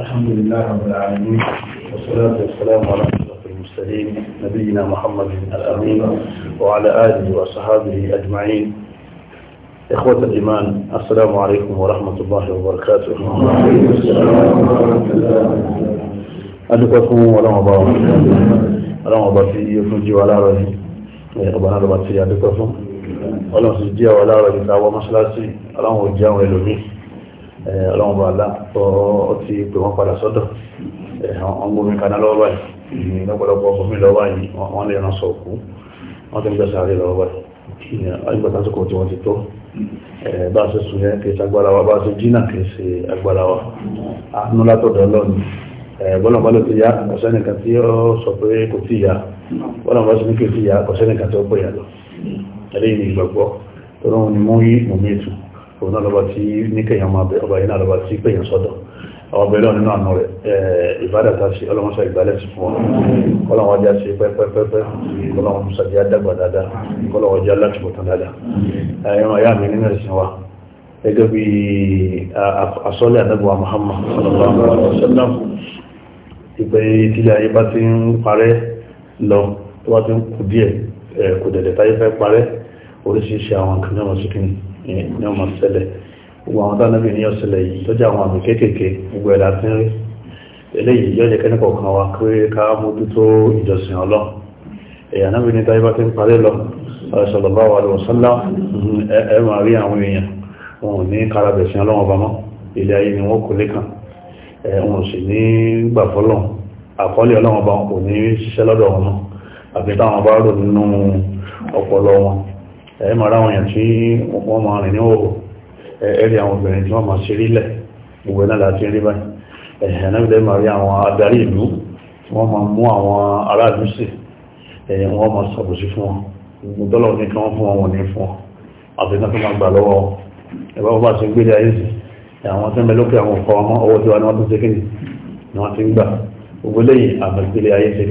الحمد لله رب العالمين والصلاة والسلام على أشرف المرسلين نبينا محمد الأمين وعلى آله وصحابه أجمعين إخوة الإيمان السلام عليكم ورحمة الله وبركاته أدوكم ولا مبارك ولا مبارك يكون جوا لا رأي أبانا ربطي أدوكم ولا سجيا ولا رأي تاوى مسلاسي ولا مجيا ولا مجيا Eh, ọlọ́run bá lá ọ ti pè wọ́n padà sọ́dọ̀ eh, àwọn gbómi kaná lọ́wọ́ báyìí lọ́pọ̀lọpọ̀ gbómi lọ́wọ́ báyìí wọ́n lè ránṣọ òkú wọ́n ti ń gbé sáré lọ́wọ́ báyìí ìgbà tásìkò tí wọ́n ti tó eh, bá a ṣe sùn yẹn kì í ṣe agbára wa bá a ṣe jìnnà kì í ṣe agbára wa àánú látọ̀dọ̀ ọlọ́run bọ́lá bá ló ti yá kọ̀sẹ́nìkan tí ó sọ pé kò tí yá bọ́lá bá ṣe ní kò tí yá kọ̀sẹ́nìkan tí ó pè yà lọ ẹlẹ́yìn ìgbàgbọ́ tó lóun ni mú yí mú mi tù òun náà lọ́ba tí níkẹyàn máa bẹ ọba yìí náà lọ́ba tí pèyàn sọ́dọ̀ àwọn ọbẹ̀ lọ́nà náà nù rẹ̀ ìbádàtà sí ọlọ́mọṣà ìgbàlẹ̀ sí fún ọ kọ́lọ́wọ́n já sí pẹ́pẹ́pẹ́pẹ́ kọ́lọ́wọ́n sàdí àdàgbà dáadáa kọ́lọ́wọ́n já láti dáadáa ẹ̀yọ́n ayá mi nínú ẹ̀sìn wa gẹ́gẹ́ bí asọ́lẹ̀ àdàgbà Muhammad sallallahu alaihi wasallam ìpè tílẹ̀ ayé bá ti ń parẹ́ lọ tó oríṣiríṣi àwọn kan náà sí kíni ní ọmọ ṣẹlẹ̀ gbogbo àwọn tánàbí ní ọ̀sẹ̀lẹ̀ yìí tó jẹ́ àwọn àmì kéékèèké gbogbo ẹ̀dá tí ń rí eléyìí yóò jẹ́ kẹ́ni kọ̀ọ̀kan wa pé ká mójútó ìjọsìn ọlọ́run èèyàn náà bí ní táyé bá ti ń parí lọ sallallahu alaihi wasallam ẹ máa rí wọn ẹ máa ra àwọn èèyàn tí wọ́n máa rìn ní òhò ẹ̀rí àwọn obìnrin tí wọ́n máa ṣe rí lẹ̀ gbogbo náà láti rí báyìí ẹ̀hìn náà lè máa rí àwọn adarí ìlú tí wọ́n máa mú àwọn aráàlú sí ẹ̀yìn wọ́n máa ṣàbòsí fún wọn gbogbo tọ́lọ̀ ní kí wọ́n fún wọn wọ̀n ní fún wọn àti náà tó máa gbà lọ́wọ́ ẹ̀bá wọn bá ti ń gbélé ayé sí àwọn tó ni wọ́n ti ṣe kíni ni wọ́n ti ń gbà gbogbo lẹ́yìn àmọ́ ìgbélé ayé ṣe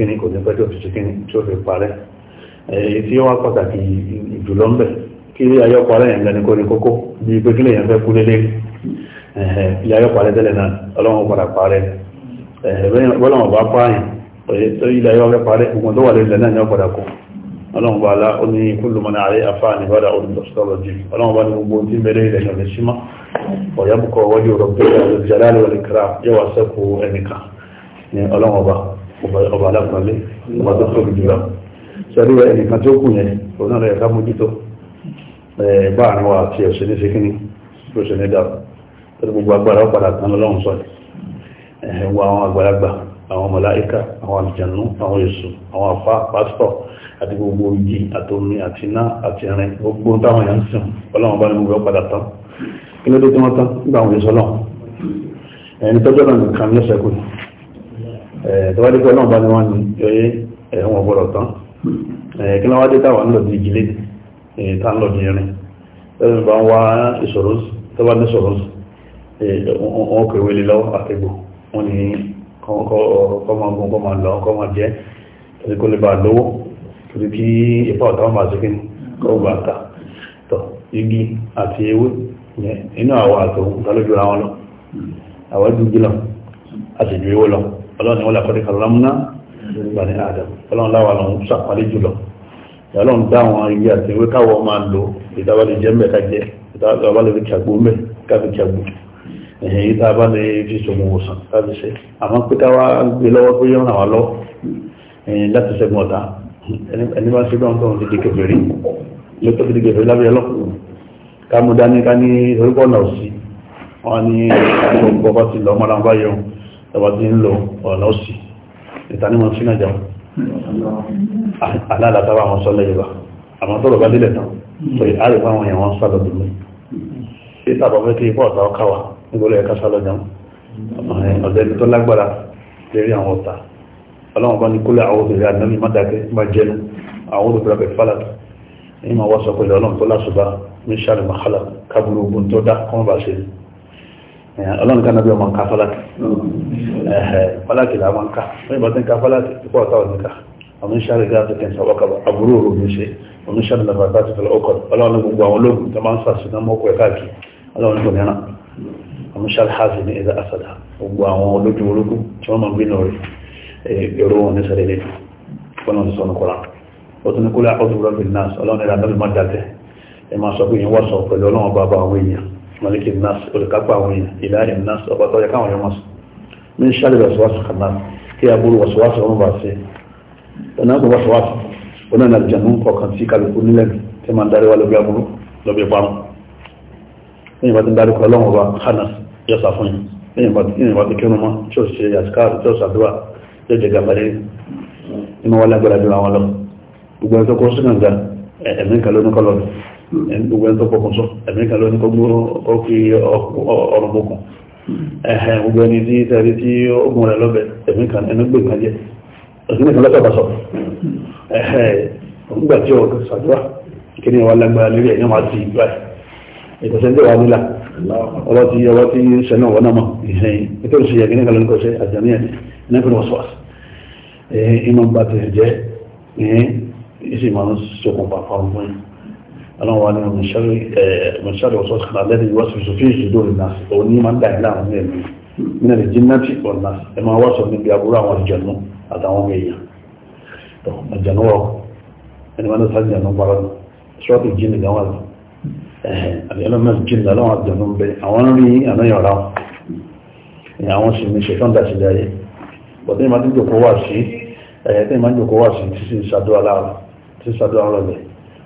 èsì wa pàtàkì jùlọ ń bẹ kí ayọ́pọ̀ alẹ́ yẹn lẹ́ni kó kókó bíi pé kílẹ̀ yẹn fẹ́ kú lélẹ́ kí ayọ́pọ̀ alẹ́ tẹ́lẹ̀ náà ọlọ́run padà parẹ́ bọ́lọ́run bá pààyàn tó ayọ́ fẹ́ parẹ́ gbogbo tó wà padà ọlọ́run bá ó ní kúlù àrẹ ọlọ́run bá ní gbogbo tí mẹ́rẹ́ ilẹ̀ ọ̀yá bukọ̀ yóò wá sẹ́kù ẹnìkan ní ọlọ́run sẹ́rí ẹnìkan tí ó kù yẹn òun náà ẹ̀ká mójútó bá àrin wa àti ẹ̀ṣẹ̀ ní síkíní ló ṣe ní dáa pẹ̀lú gbogbo agbára ó padà tán lọ́wọ́n sọ ẹ̀wọ àwọn àgbàlagbà àwọn màláíkà àwọn àjànú àwọn èṣù àwọn afá pásítọ̀ àti gbogbo igi àtomi àti iná àti irin gbogbo táwọn èèyàn ń sìn ọlọ́wọ́n bá ní gbogbo padà tán kí ló dé tí wọ́n tán nígbà àwọn èso lọ́wọ́ ẹni tọ́jọ́ náà nìkan ní kí ló wá dé táwọn ńlọ di ìjìlẹ̀ tá ń lọ di irin lẹ́nu bá ń wá ìṣòro tó bá ní ìṣòro wọn kò wílé lọ́wọ́ àtẹ́gbò wọn ni kọ́ máa gun kọ́ máa lọ kọ́ máa jẹ́ torí kó lè bá lówó torí kí ipa ọ̀tá máa ṣe kí ni kọ́ bá ta tọ̀ igi àti ewé inú àwọn àtòun tálójú ara wọn lọ àwọn ìdúgbì lọ àti ìdúgbì wọn lọ ọlọ́run ni wọ́n lè kọ́ bani adam ọlọ́run láwa lọ́n sàpálẹ̀ jùlọ ọlọ́run dá àwọn ilé àti ìwé káwọ́ máa lò ìdáwọ́lẹ̀ jẹ́ mẹ́ta jẹ́ ìdáwọ́lẹ̀ fi kàgbó mẹ́ káfi kàgbó ẹ̀yìn ìdáwọ́lẹ̀ fi sọmọ wòsàn káfi ṣe àmọ́ pé káwá gbé lọ́wọ́ tó yẹ ràn wá lọ láti ṣẹ́gun ọ̀tá ẹni bá ṣe lọ́n tóun ti di kẹfẹ́rí lọ́tọ́ ti di kẹfẹ́rí lábẹ́ ọlọ́ ká mú dání ká ní orúkọ náà sí wọn ní ọgbọ́n bá ti lọ ọmọdé wọn bá yẹun ẹ̀wọ̀n ti ń lọ ọ̀nà òsì ìtanímọ̀ sínú àjà alálàtàwà àwọn sọ́lẹ̀ yorùbá àmọ́ tó lọ́gbà lílẹ̀ tán so ìhárì fún àwọn èèyàn sálọ dùnmí títà bọ́fẹ́ tí ipò ọ̀tá ọkàwà nígbòlò ẹ̀ka sálọ jẹun ọ̀dẹ́ni tó lágbára lérí àwọn ọ̀tá ọlọ́wọ́n bá ní kólẹ̀ àwọn obìnrin àdámì má dákẹ́ má jẹnu àwọn olùkọ́lá pẹ̀ fálà ma wá sọ pẹ̀lú ọlọ́run tó ọlọ́run kan náà bí ọmọ nǹkan fọ́láti fọ́láti làwọn nǹkan wọ́n yìí bá ti ń ka fọ́láti púpọ̀ ọ̀táwọn nǹkan ọmọ ìṣàrí dáa tó kẹsàn ọkàbà àbúrò òru ní ṣe ọmọ ìṣàrí lọ́pàá bá ti fẹ́ ọkọ̀ ọlọ́run gbogbo àwọn ológun tó máa ń sàṣùnà mọ́kọ̀ ẹ̀ káàkiri ọlọ́run tó mìíràn ọmọ ìṣàrí hazi ní ìdá àṣàdá gbogbo àwọn olójú ológun tí wọ́n máa ń gbínú rẹ̀ èrò maliki nas olùkápá àwọn èèyàn ìlànà nas ọba tó yẹ káwọn èèyàn wọn sùn ní sáré wàsíwàsí kàná kí aburú wàsíwàsí ọ̀run bá ṣe ọ̀nà kò wàsíwàsí ọ̀nà náà jẹ̀nu kọ̀ọ̀kan tí kálukú nílẹ̀ tí máa ń darí wa lóbi aburú lóbi parun lẹ́yìn bá ti ń darí kọ́ ọlọ́run ọba kàná yọ sàfún yìí lẹ́yìn bá ti ń wá kékeré mọ́ tí ó ṣe àṣkáàrù tí ó ṣàdúrà yóò jẹ gàbàlẹ́ inú wa lágbára jù àwọn lọ gbogbo ẹni tó kó sínú ẹ̀mí kan lónìí kọ́ lọ́dún gbogbo ẹni tó kọkùn sọ ẹ̀mẹ́ka ló ní kọ gbó ọkì ọ̀rọ̀ gbókùn ẹ̀hẹ̀ gbogbo ẹni tí tẹ́rí tí ogun rẹ̀ lọ́bẹ̀ ẹ̀mẹ́ka ẹni gbé ìkàjẹ́ ọ̀sìn nìkan lọ́sọ̀bà sọ ẹ̀hẹ̀ nígbà tí ọ̀rọ̀ sàdúrà kí ni wà lágbára lórí ẹ̀yàn máa ti ìgbà ìkọ̀sẹ̀ ń tẹ̀wà nílà ọwọ́ tí ọwọ́ tí ń sẹ́nà wọ́n náà mọ̀ ìhẹ̀yìn nítorí sí ẹ̀gbẹ́ nìkan ló ní kọ̀ṣẹ́ àjàmíyàn ní ẹ̀kọ́ wọ́sọ̀wọ́sọ̀ ìmọ̀ ń bá ti jẹ́ ìsìn máa ń ṣokùnfà fáwọn fún yìí ọlọ́run wa ní mọ̀ṣẹ́lẹ̀ ọ̀sọ́sọ́nà lẹ́nu ìwọ́sùn ìṣòfin ìṣòdò ìnáṣì òun ní máa ń dàgbà àwọn ní ẹ̀mí nínú lè jinnati ọ̀nà ẹ máa wá sọ níbi àbúrò àwọn ìjọ̀nù àtàwọn èèyàn ìjọ̀nù wọ̀ ẹni máa ń sá ìjọ̀nù bọ́rọ̀ nù ṣọ́ọ̀tù jìnnì gan wà lọ àbí ẹlọ́mọ jìnnì lọ́wọ́ àjọ̀nù bẹ àwọn rí ànáyọ̀rá àwọn sì ní ṣe tọ́ndà sí dáyé bọ̀ tí ìmáà ń jòkó wà sí ẹ̀yẹ tí ìmáà ń jòkó wà sí ti sì ṣàdó aláàrọ̀ ti ṣàdó aláàrọ̀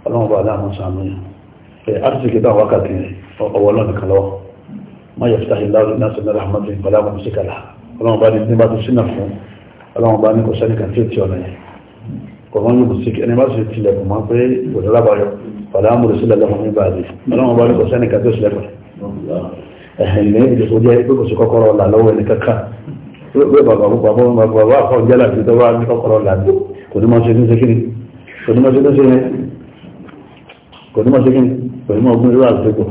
ọlọ́run bá aláàmú sàmú yẹn àtúnṣe dáhùn wákàtí ọwọ́ ọlọ́run nìkan lọ́wọ́ má yẹ fita ìlà náà sọ̀rọ̀ rahmatu ìpàdé àwọn ọmọọṣẹ́ kàlá ọlọ́run bá ní ní bá tó sínà fún ọlọ́run bá ní kò sẹ́ni kan tí ó ti ọ̀nà yẹn kò mọ́ yóò sí ẹni bá sì tilẹ̀ kò mọ́ pé ìbòdó lábàáyọ pàdé àwọn ọmọọṣẹ́ lọ́wọ́ ní báyìí ọlọ́run bá ní kò sẹ́ni kan tí ó sì lẹ́kọ̀ọ́ ẹ̀hìn ní ìdìbò jẹ́ pé kò sí kọ́kọ́rọ́ ọ̀la lọ́wọ́ ẹni kankan pé bàbá bàbá bàbá àkọ́ jẹ́ láti tọ́wọ́ ní kọ́kọ́rọ́ ọ̀la kò ní mọ́ ṣe ní ṣe kí ni kò ní mọ́ ṣe ní ṣe yẹn kò ní mọ̀ ṣe kíni kò ní mọ̀ gún irú àgbẹ̀kọ̀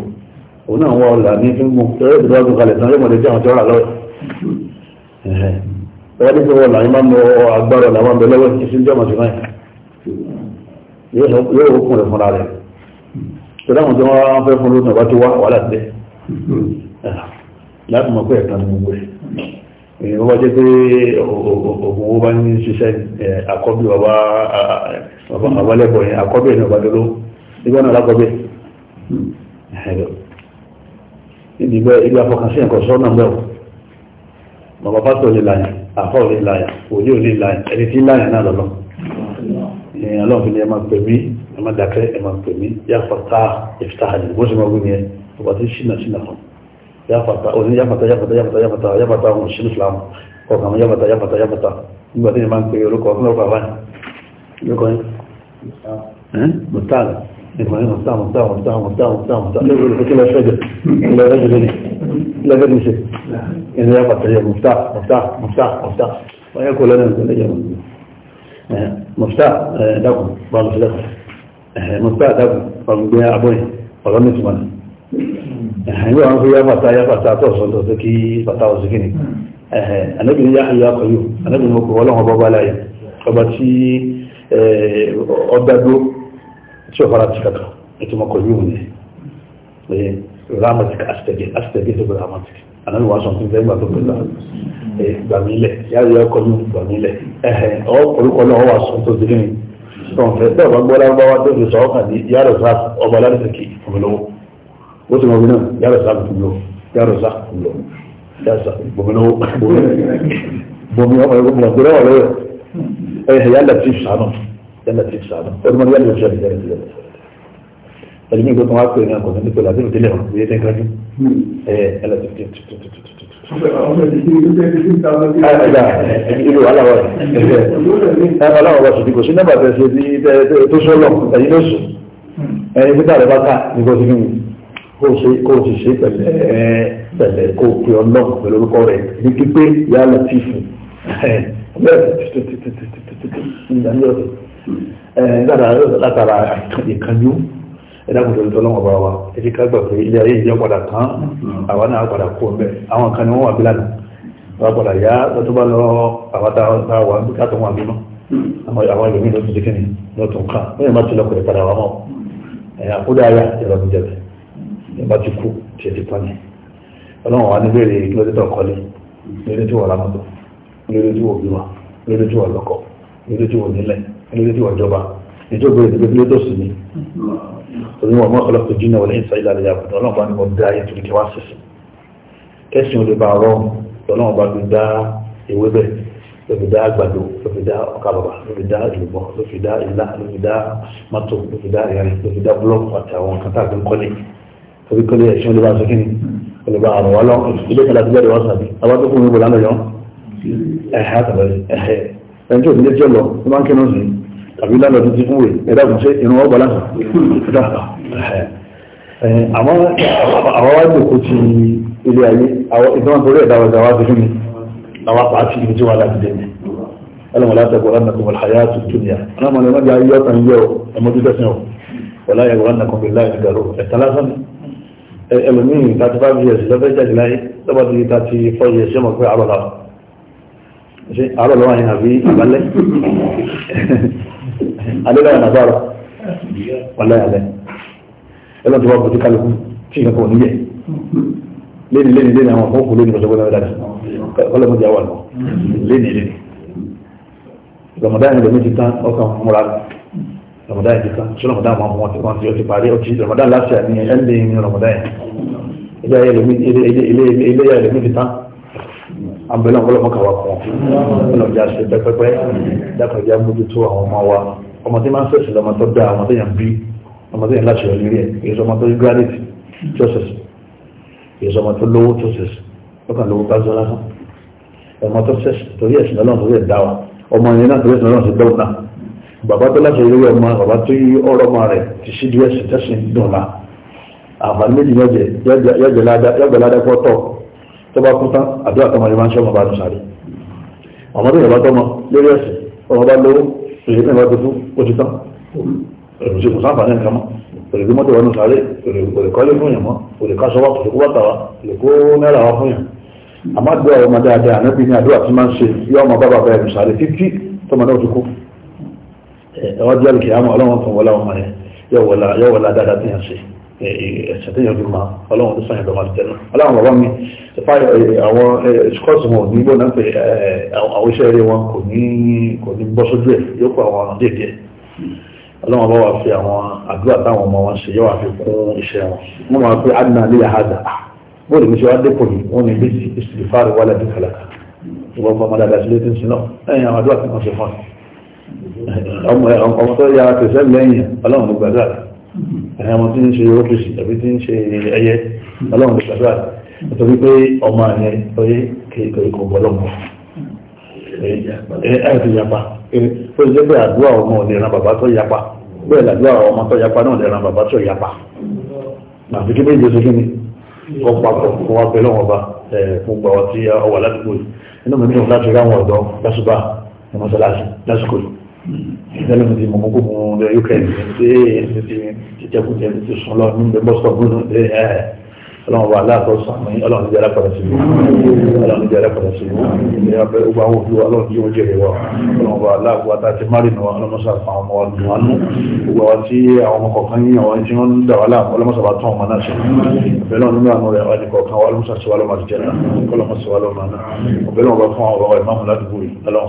òun náà wọ ọ̀là ní fún gun tẹ́lẹ̀ tó bá gun kalẹ̀ tán lẹ́mọ̀dé tí àwọn tí wọ́n rà lọ́wọ́ ẹ̀hẹ́ ní fún ọ̀là yìí máa ń mọ agbára ọ̀là máa ń bẹ lọ́wọ́ ìṣú jọ́ màṣí náà yóò ó kún rẹ̀ fúnra rẹ̀ tó dáhùn tí wọ́n fẹ́ fún lónìí ọba tó wá wàhálà tẹ́ láti mọ̀ pé ẹ̀kan ní gbogbo ẹ̀ wọ́n bá jẹ́ pé òògùn owó bá ń ṣiṣẹ́ àkọ́bí bàbá lẹ́bọ̀ yẹn àkọ́bí ẹ̀ ní ọba lọ́wọ́ ìgbà náà lákọ̀ọ́ bẹ́ẹ̀ níbi bẹ́ẹ̀ ilé afọkànsí ẹ̀kọ́ sọ́nà mẹ́wọ̀ bàbá pásítọ̀ lè láyà àfọ́ lè láyà òye ò lè láyà ẹni tí láyà náà lọ́lọ́ ìyẹn ọlọ́run ni ẹ máa pè mí ẹ máa dákẹ́ ẹ máa pè mí yáfàtà ìfitahàlì bó ṣe máa wí ni ẹ bàbá tí ṣìnà ṣìnà kan yáfàtà òní yáfàtà yáfàtà yáfàtà yáfàtà yáfàtà òun ṣì ìsìlámù ọkàn mọ́ yáfàtà yáfàtà yáfàtà nígbà tí ẹ máa pè orúkọ ọkùnrin ọkọ̀ àbáyé Ismail mọ̀tá mọ̀tá mọ̀tá mọ̀tá mọ̀tá mọ̀tá lẹ́gbẹ̀ẹ́ olùkọ́ kí lọ ṣẹ́jẹ̀ lẹ́gbẹ̀ẹ́ ní lẹ́gbẹ̀ẹ́ ṣe ẹni yá pàtàkì mọ̀tá mọ̀tá mọ̀tá mọ̀tá wáyé kò lẹ́nu ìgbẹ́ lẹ́jẹ̀ mọ̀tá dákun bàbá ṣe dákun mọ̀tá dákun bàbá gbé abọ́yìn ọ̀rọ̀ ní ìtumọ̀ ìwé àwọn fi yá pàtà yá pàtà tó sọ̀tọ̀ tó kí pàtà ọ̀sùn kí ni anábìrin yá ìyá kọ̀yù anábìrin mọ̀kọ̀ ọlọ́run ọba bá láyé ọba tí ọgbàdó tí o fara cika kan ita mako yi ne eh ramatik astage astage to ramatik anan wa so tin gba to bela eh gba mi le ya yo ko ni gba mi le eh o orúkọ náà wa so to dirin ton fe to ba gbora ba wa to fi so kan ni ya razak o bala ni ki o lo o ti mo bi na ya razak ti lo ya razak ti lo ya razak bo mi lo bo mi o ba gbora wa lo eh ya latif sanon democratic sábà ọdún mọ́ni yálò ìṣẹ́lẹ̀ ìṣẹ́lẹ̀ ìṣẹ́lẹ̀ ẹ̀lú mi gbọ́dọ̀ wá pé ní àkọ́kọ́ nípa ìlànà ìlú tẹ́lẹ̀ ọ̀hún ìyẹn tẹ́kánjú ẹ̀ ẹlẹ́tì ìlú aláwọ̀ ẹ̀ aláwọ̀ bá sùdí kò sí nọ́mbà tẹ̀ ṣe bí tó sọ́lọ̀ ẹ̀yin ló sùn ẹ̀yin nígbà rẹ̀ bá kà nígbà tí kò ṣe kò ti ṣe pẹ̀lẹ́ pẹ̀lẹ́ kò pe ọlọ́run pẹ̀lú orúkọ rẹ̀ ní pípé látara ìkanjú ẹ̀dàkùnrin tọ́lọ́wọ́ bá wa ẹ̀fí ká gbà pé ilé ayé ìjẹ́ padà tán àwọn náà padà kó mẹ́ àwọn kan ni wọ́n wà bí lánàá wọ́n padà yá lọ́tún bá lọ àwátáwà látọ̀ wọn bímọ àwọn ìlú ló ti di kíni lọ́tún kan wọ́n yẹn bá ti lọ́kùnrin padà wà mọ́ àkúdà ayá ìrọ̀ mi jẹ̀bẹ̀ yẹn bá ti kú tiẹ̀ ti tán ni ọlọ́wọ́n wa ní bèrè lórí tó kọ́lé lórí tí wọ́n rámọ́tò lórí tí wọ́n bímọ lórí tí wọ́n lọ́kọ lórí tí wọ́n nílẹ̀ ẹlẹ́dẹ́ tí wọ́n jọba ètò ìgbèrè ti gbẹ́gbẹ́ tó sì ní torí wọn mọ́ ọlọ́pọ̀ jìnnà wọlé ìsà ilẹ̀ àlẹ́yà àbùdá ọlọ́pàá ni wọ́n dá ayé torí kẹwàá sísì kẹsìn olè bá rọ ọlọ́pàá fi dá ewébẹ̀ ló fi dá àgbàdo ló fi dá ọkà bàbà ló fi dá ìlùbọ́ ló fi dá ilá ló fi dá mọ́tò ló fi dá ìrìn ló fi dá búlọ́ọ̀kù àti àwọn kan tá a fi ń kọ́lé torí kọ́lé ẹ̀sìn olè bá sọ kíni olè bá àrùn wá lọ ilé kan láti bẹ́ẹ̀ wá sàbí àwọn tó fún mi bò lánàá yọ ẹ̀hẹ́ àtàlẹ́ ẹ̀hẹ́ ẹ̀jọ̀ ìdílé jẹ́ lọ ló máa ń kí ní oṣù yìí tàbí lálọ́ títí fún rẹ̀ ẹ̀dàkùn ṣe ìrún ọgbà lásán àwọn wá jòkó ti ilé ayé ìdánwà torí ẹ̀dáwà ìdáwà tó fún mi àwọn pàtí ibi tí wà láti dẹ̀ ẹlẹ́wọ̀n láti ẹ̀kọ́ lánàkùn wọ̀lá àyà tuntun ni àwọn ọmọ ìwọ́n jẹ́ ayé ọ̀tàn yẹ ọ ẹmọ tó tẹ̀sán ọ wọ̀lá ẹ̀kọ́ lánàkùn bí láì gàrọ ẹ̀tàn lásán ẹlòmíì thirty five years lọ́fẹ́ jáde alẹ́lẹ́ ọ̀nà bá rọ̀ wàlẹ́ alẹ́ ẹlọ́n ti wá bọ̀tí kálukú tí ìkàkọ̀ ò níyẹ lẹ́ni lẹ́ni lẹ́ni àwọn ọmọ òkúlé nìkan sọ́kọ́ dáadáa ọlọ́mọdé àwọn àlọ́ lẹ́ni lẹ́ni ramadan ìlú ti tán ọkàn múra ramadan ti tán ṣé ramadan máa mú wọn ti wọn ti ọtí parí ọtí ramadan láti àníyàn ẹ̀ ń lé ní ramadan ilé ayé ìlú mi ti tán àbẹ̀lẹ̀ ọ̀pọ̀lọpọ̀ kàwà kan ọlọ́jà ṣe pẹ́pẹ́pẹ́ dákọ̀já mójútó àwọn ọmọ wa ọmọ tí máa ń sẹ̀sì lọ́mọ tó dá ọmọ tó yàn bí ọmọ tó yàn láti ọ̀lẹ́ rẹ̀ èyí sọmọ tó yí gírádìtì tó sẹ̀sì èyí sọmọ tó lówó tó sẹ̀sì lọ́kàn lówó bá zọ́ lásán ọmọ tó sẹ̀sì torí ẹ̀sìn ọlọ́run tó yẹ dá wa ọmọ yẹn náà torí ẹ̀sìn ọlọ́run ti dọ́ ọ̀nà bàbá tó láti ọ̀lẹ́ ọmọ bàbá tó yí ọ̀rọ̀ ọmọ rẹ̀ ti sí díẹ̀ sí tẹ́sìn dùn la àǹfààní méjì yọjẹ yọjẹ ládàá yọjẹ ládàá pọ́tọ̀ tó bá kú tán àdúrà tọmọ ní máa ń ṣe ọmọ bá dùn sáré ọmọ tó yẹ̀bá tọmọ lórí ẹ̀sìn ọmọ bá lówó èyí mẹ́fà tó fún ó ti tán èrò ṣe kò sáǹfààní nǹkan mọ́ èrò bí mọ́tò wọnú sáré èrò kọ́lé fún yàn mọ́ èrò káṣọ wà kòtò bàtà wa èrò kó náírà wa fún yàn yọ̀wọ̀ ládàdà tí yàn ṣe ẹ̀ṣẹ̀ tí yàn fi máa ọlọ́run tó sọ̀yìn lọ́mọ àtijọ́ náà aláwọn bàbá mi àwọn ṣkọ́ọ̀sì wọn ní gbọ́dọ̀ pé àwọn iṣẹ́ eré wọn kò ní kò ní bọ́ sójú ẹ̀ yóò kó àwọn ọ̀nà déédéé ọlọ́run bá wà fi àwọn àdúrà táwọn ọmọ wọn ṣe yóò wà fi kún iṣẹ́ wọn wọ́n máa pé adìnà lè yà hàdà bó lè mi ṣe wá dépò yìí wọ́n ní bí ìsìlífàrì wálẹ̀ dùkàlà ìwọ̀n fọmọdé àgbàsílẹ̀ tí ń sin náà ẹ̀yìn àwọn àdúrà tí wọ́n ṣe fún ọ ọmọ tó yà tẹ̀sẹ̀ lẹ́yìn ọlọ́run gbàdúrà ẹ̀yà ọmọ tí ń ṣe ọ́fíìsì tàbí tí ń ṣe ẹyẹ ọlọ́run gbàdúrà nítorí pé ọmọ àyẹ oyé kéèkéé kò bọ́ lọ́mọ ẹ̀ ti yapa ó ṣe pé àdúrà ọmọ ò lè ran bàbá tó yapa bẹ́ẹ̀ làdúrà ọmọ tó yapa náà lè ran bàbá tó yapa àfi kí méje ṣe kí ni kọ́ papọ̀ kó wá pẹ̀lú ọmọ ọba fún gbàwọ́ tí ọwà ládùúgbò yìí inú mi ní òun láti rí àwọn ọ̀dọ́ lásùbà ní mọ́sálásì lásìkò yìí Zale mzee mungu je ọlọ́run wa aláàtọ̀ sàmì ọlọ́run jẹ́ alápàdà sí ọlọ́run jẹ́ alápàdà sí ìyá pé ó bá wò ó ọlọ́run yóò jèrè wa ọlọ́run wa aláàbò àti àti márìnà wa ọlọ́mọṣà àwọn ọmọ ọdún wa nù gbogbo àwọn tí àwọn ọmọ kọ̀ọ̀kan yìí àwọn tí wọ́n ń dà wà láàmú ọlọ́mọṣà bá tán ọmọ náà ṣe ọ̀bẹ̀lọ́run nínú àwọn rẹ̀ wájú kọ̀ọ̀kan wa ọlọ́mọṣà sí wa lọ́mọ àti jẹ́nà ọlọ́mọṣà sí wa lọ́mọ náà ọ̀bẹ̀lọ́run bá fún àwọn ọ̀rọ̀ ìmáàmù ládùúgbò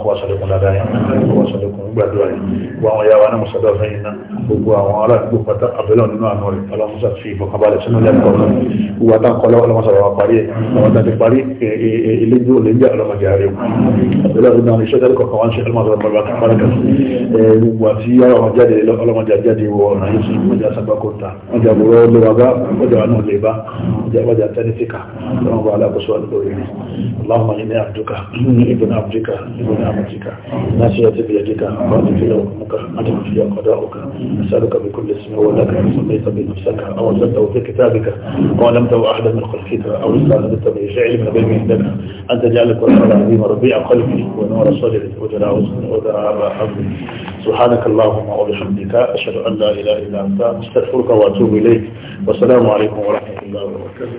nínú àwọn rẹ̀ ọlọ́mọṣà gbogbo àtàn kọlọ́ ọlọ́mọsọ̀rọ̀ wa parí ẹ̀ àwọn tàbí parí iléjú olóńjà ọlọ́mọdé ààrẹ ọ̀dọ́lá ìgbà àwọn iṣẹ́ tẹ́lẹ̀kọ̀ kan wá ń ṣe ọlọ́mọsọ̀rọ̀ pàrọ̀kà gbogbo àti àwọn jáde ọlọ́mọdé àjáde wọ ọ̀nà yìí ọjà sábàkọta ọjà àbúrò lọ́wọ́gá ọjà wà náà lè bá ọjà tẹ́nísíkà ọlọ́mọbà alákòóso àdúgbò rẹ̀ اللهم إني عبدك إني ابن عبدك ابن عبدك ناشيتي بيدك قادم في حكمك عدم في قضاؤك أسألك بكل اسم هو لك إن سميت بنفسك أو أنزلته في كتابك وعلمته أحدا من خلقك أو استعذبت به شيء من بين عندك أن تجعل القرآن العظيم ربيع قلبي ونور صدري وجلاء حظي سبحانك اللهم وبحمدك أشهد أن لا إله إلا أنت أستغفرك وأتوب إليك والسلام عليكم ورحمة الله وبركاته